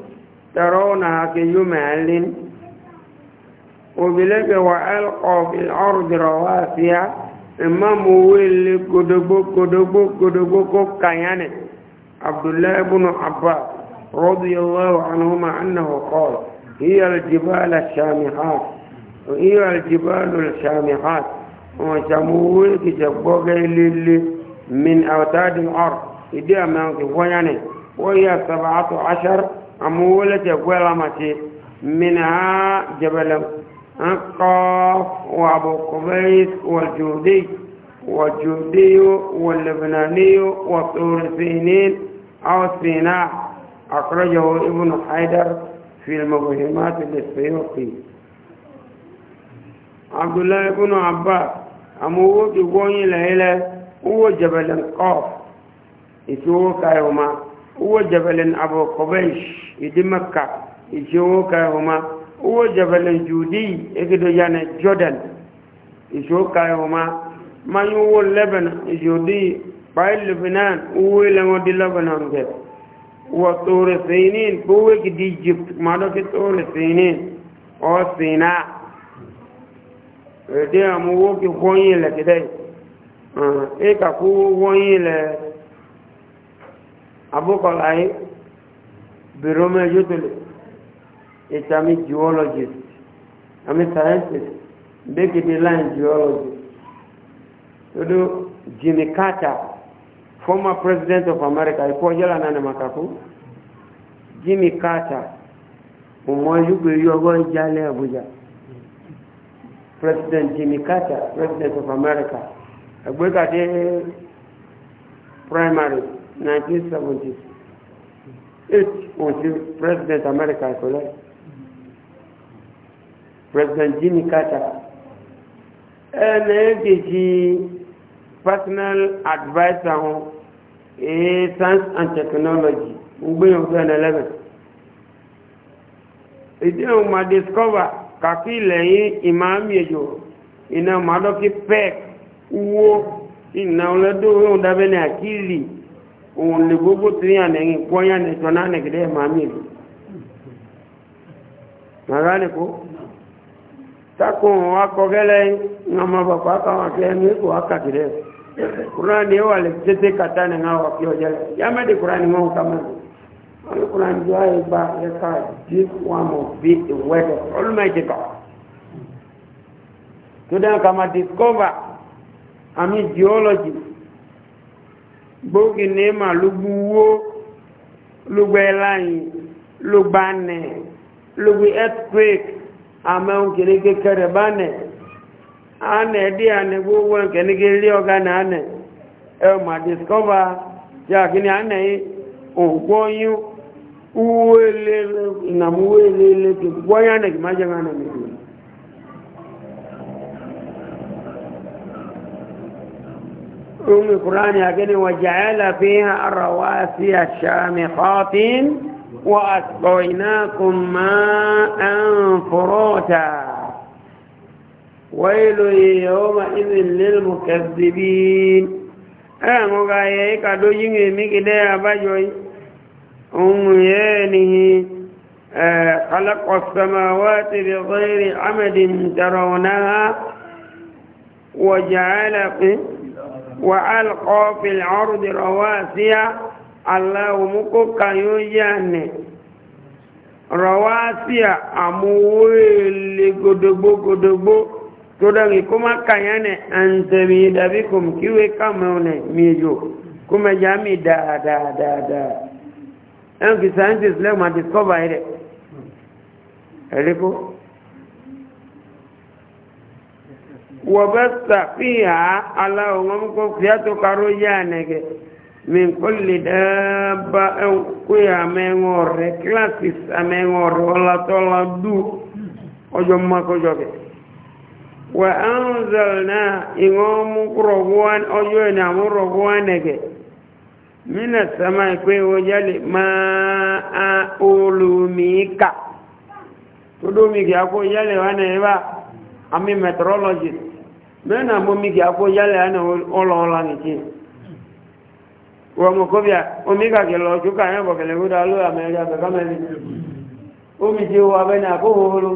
ترونها كجمال وبلغ وألقى في الأرض رواسيا إمام ويل كدبو كدبو كدبو كيانة عبد الله بن عباس رضي الله عنهما أنه قال هي الجبال الشامخات هي الجبال الشامخات وسموه كتبوك للي من أوتاد الأرض إدي أمامك ويعني وهي سبعة عشر أمولة جبل متي منها جبل القاف وأبو قبيس والجودي والجودي واللبناني وطور سينين أو سيناء أخرجه ابن حيدر في المبهمات للسيوطي عبد الله بن عباس أموت يقول ليلة هو جبل القاف يسوق يومه هو جبل أبو قبيش إدي مكة إشوكا هما هو جبل جودي إكدو يعني جودن إشوكا هما ما يو لبنان جودي باي لبنان هو لما دي لبنان كده وطور سينين هو كدي جبت ما دو كطور سينين أو سيناء إدي أمو كي خوين لكده إيه كاكو خوين لكده abúkọ̀lá yìí bìrọ́mọ yótòlè ìtàmì geologist àmì scientist bẹ́kìdì line geologist lọ́dọ̀ jimmy carter former president of america ikú ọjọ́lá náà nà màkàkú jimmy carter ọmọ yúgbẹ́ yọ ọgọ́ ìjálẹ̀ abuja president jimmy carter president of america ẹgbẹ́ kàdé primary. 1978 òun ti president america ìkọlẹ́ president jimmy carter ẹnì èkejì personal advisor on eh, science and technology ń gbìyànjú ẹnì ẹlẹ́mẹ̀ ìdí òun máa discover kàkí ilẹ̀ yìí ìmáàmì èjò ìnáwó máa dọ́kí pec wó ìnáwó lẹ́dọ̀ọ́ òun dábẹ́ ní àkíyèsí òun lè gbogbo tí yàn lẹ́yìn pọ́yàn nìkan náà nìkìdẹ́ màmí rẹ̀ màrá nìkó takùn akọgẹ́lẹ́ ọmọ bàbá káwọn akẹ́ ní èkó akàkìdẹ́ kúrán ni wà lè tètè kàtà ní àwọn ọ̀pẹ́ ọjọ́ rẹ̀ yá mẹ́tẹ̀ kúrán ni wọ́n kà mẹ́rin wọ́n ní kúrán ni wọ́n gba ẹ̀ka dí wọn mọ̀ bí ìwẹ́dẹ̀ ọlọ́mọdé kọ́ tó dáa kà máa discover àmì geology gbógi na ịma ló gbúwó ló ló gbá ló gbé earthquake àmẹ́hùn kìíní kékeré bá nẹ ànẹ dí ànẹ gbogbo kìíní kí lé ọ̀gá nà ànẹ discover a na ànẹ yìí ògbó yín wúwo lé أم القرآن يقول وجعل فيها الرواسي الشامخات وأسقيناكم ماء فروتا ويل يومئذ للمكذبين أنا آه، مغاية كدو يمي مكدي أبجوي أم يانه آه، خلق السماوات بغير عمد ترونها وجعل فيه وألقى في العرض رواسي الله مكوكا يوجاني رواسي أمويل قدبو قدبو تدعي كما كياني أن تميد بكم كيوي كاموني ميجو كما جامي دا دا دا دا أنك ساينتس لما تسكوبا إليك إليكو وبث فيها على أمامكم فياتو كاروجا نك من كل دابة أو كويا ميمور كلاسيس ميمور ولا تولا دو أجمع كجوك وأنزلنا إمام كروان أجونا مروان نك من السماء كوي وجل ماء أولوميكا تدومي كي أكو يلي وانا يبا أمي مترولوجيست mena na apo yale ana ola ola nti wo mo ko bia omiga ke lo ju ka yan bo ke le guda lo amerika be kama ni o mi je wa na ko ho lo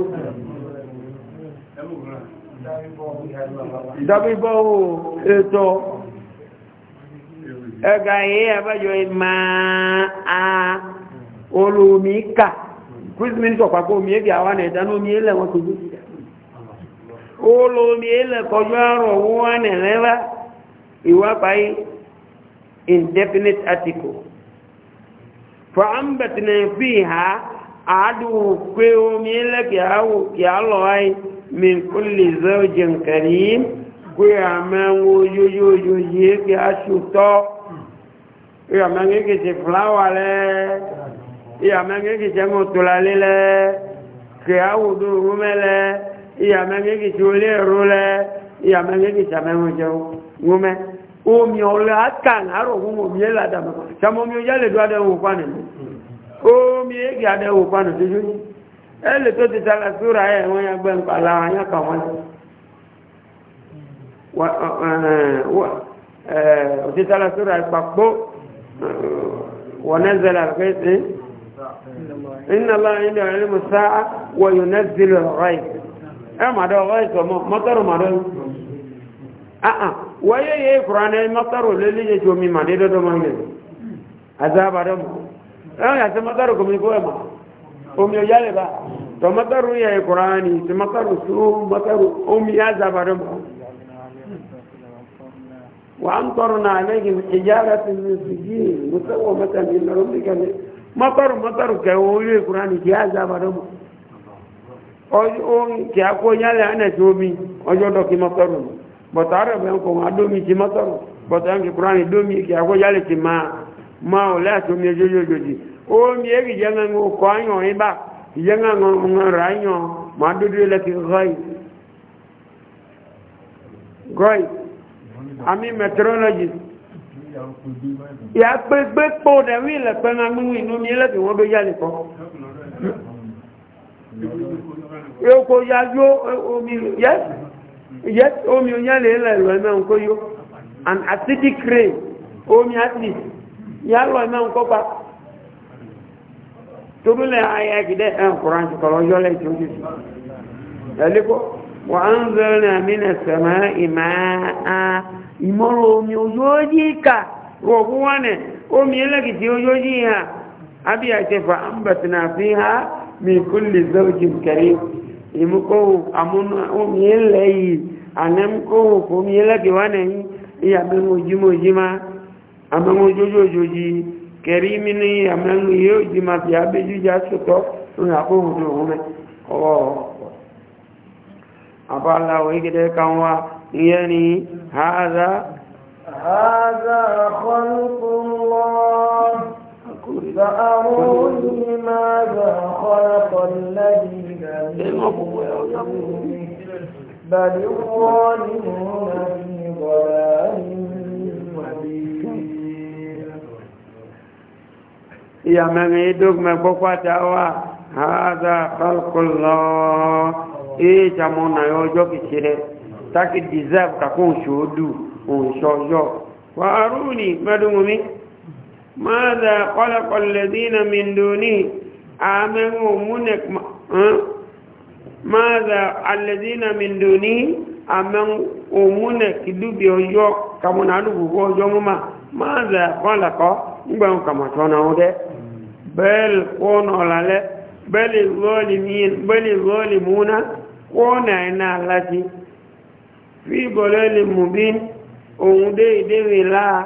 dabi eto ega e e a e na ele ụlọ ẹlẹ́kọjọ́ àrọ̀ wọ́n ní rẹ́rá ìwápáyé indefinite article fa'ambatina fi ha àádùn pé omi ẹlẹ́kẹ̀ àwò kí a lọ ayé min kulle zaujin karim pé àmẹ́wò yóyóyóyé kí a ṣùtọ́ ìyàmẹ́gẹ́gẹ́ ti fúláwà lẹ́ ìyàmẹ́gẹ́gì tí ó iya rú lẹ́ ìyàmẹ́gẹ́gì sàmẹ́wọ́n jẹun gúnmẹ́ omi ọ̀lẹ́ àkàn àárọ̀ fún ma. ẹ̀lẹ́ àdàmọ́ sàmọ́ omi ojá lè dún adẹ́wò pánì O omi ègì adẹ́wò pánì tó yóò ẹ̀lẹ́ tó ti sára sóra ẹ̀ wọ́n yẹn gbẹ́ nǹkan lára wọn yẹn kà wọ́n ti sára sóra ẹ̀ pàpọ̀ wọ́n ẹ màdọ́ ọ̀gọ́ ìsọ mọ́tọ́rù màdọ́ àà wáyé yẹ ìkùránà mọ́tọ́rù lélẹ́yẹ tí omi màdé dọ́dọ́ máa ń lè àzábàdọ́ mọ́ ẹ̀wọ̀n yà sí mọ́tọ́rù kò mi kó ẹ̀ mọ́ omi ọ̀yá lè bá tọ́ mọ́tọ́rù yẹ ìkùránà عليهم حجارة من سجين مسومة من ربك مطر مطر كوي القرآن جاء زبرهم ohun tí a kó yálẹ̀ ànẹ̀tí omi ọjọ́ dọ̀kí mọ́tọ̀rọ̀ bọ̀tà rẹ̀ bẹ́ẹ̀ kò wọ́n adómi ti mọ́tọ̀rọ̀ bọ̀tà ń fi kúránì dómi kí a kó yálẹ̀ ti máa máa ò lẹ́ẹ̀tí omi ojoojojì omi èyí jẹ́ ń kọ́ ayàn yín bá ìyẹ́ ń rà ayàn máa dúdú meteorology ìyá pé gbé pò dẹ̀wí ilẹ̀ pẹ́ máa mú inú mi lẹ́kì wọ́n gbé oko ya yó omi yes omi onyálẹ̀ ilẹ̀ ìlú ẹ̀mẹ́ nǹkó yó and acidic rain omi acid ya lọ ẹ̀mẹ́ nǹkó pa torí lẹ́ ayé ẹ̀gidẹ́ ẹ̀ ń kọ́ra ti kọ́lọ́ ti wà á ń ní àmì omi ojóòjì kà rọ̀gùn wọn omi ẹlẹ́gìdì ojóòjì hàn àbí àti fà á ń fi imuko amuna umiele yi anemko kumiele kiwane yi ya bengo jimo jima amengo jojo joji kerimi ni amengo yo jima ti abeju ja soto na ko do hume o abala we gede kanwa yani hadha hadha khalqullah فأروني ماذا خلق الذين من بل الظالمون في ضلال يا من يدوك من بقوة أوا هذا خلق الله إيه جمعنا يوجوك شيري تاكي ديزاب كاكون شودو ونشوجو وأروني مدومي ماذا خلق الذين من دونه آمنوا منك ماذا الذين من دونه آمنوا منك دوبي وجو كما نعلم وجو ما ماذا خلق نبهم كما تنعود بل كون على بل الظالمين بل الظالمون كون عنا الله في ضلال مبين ومدي دي لا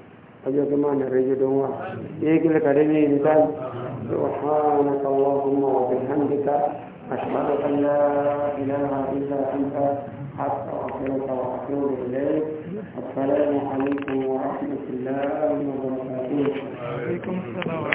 أجل زمان الرجل هو يقول لك رجل إنسان سبحانك اللهم وبحمدك أشهد أن لا إله إلا أنت حتى أصلك وأتوب إليك السلام عليكم ورحمة الله وبركاته. وعليكم السلام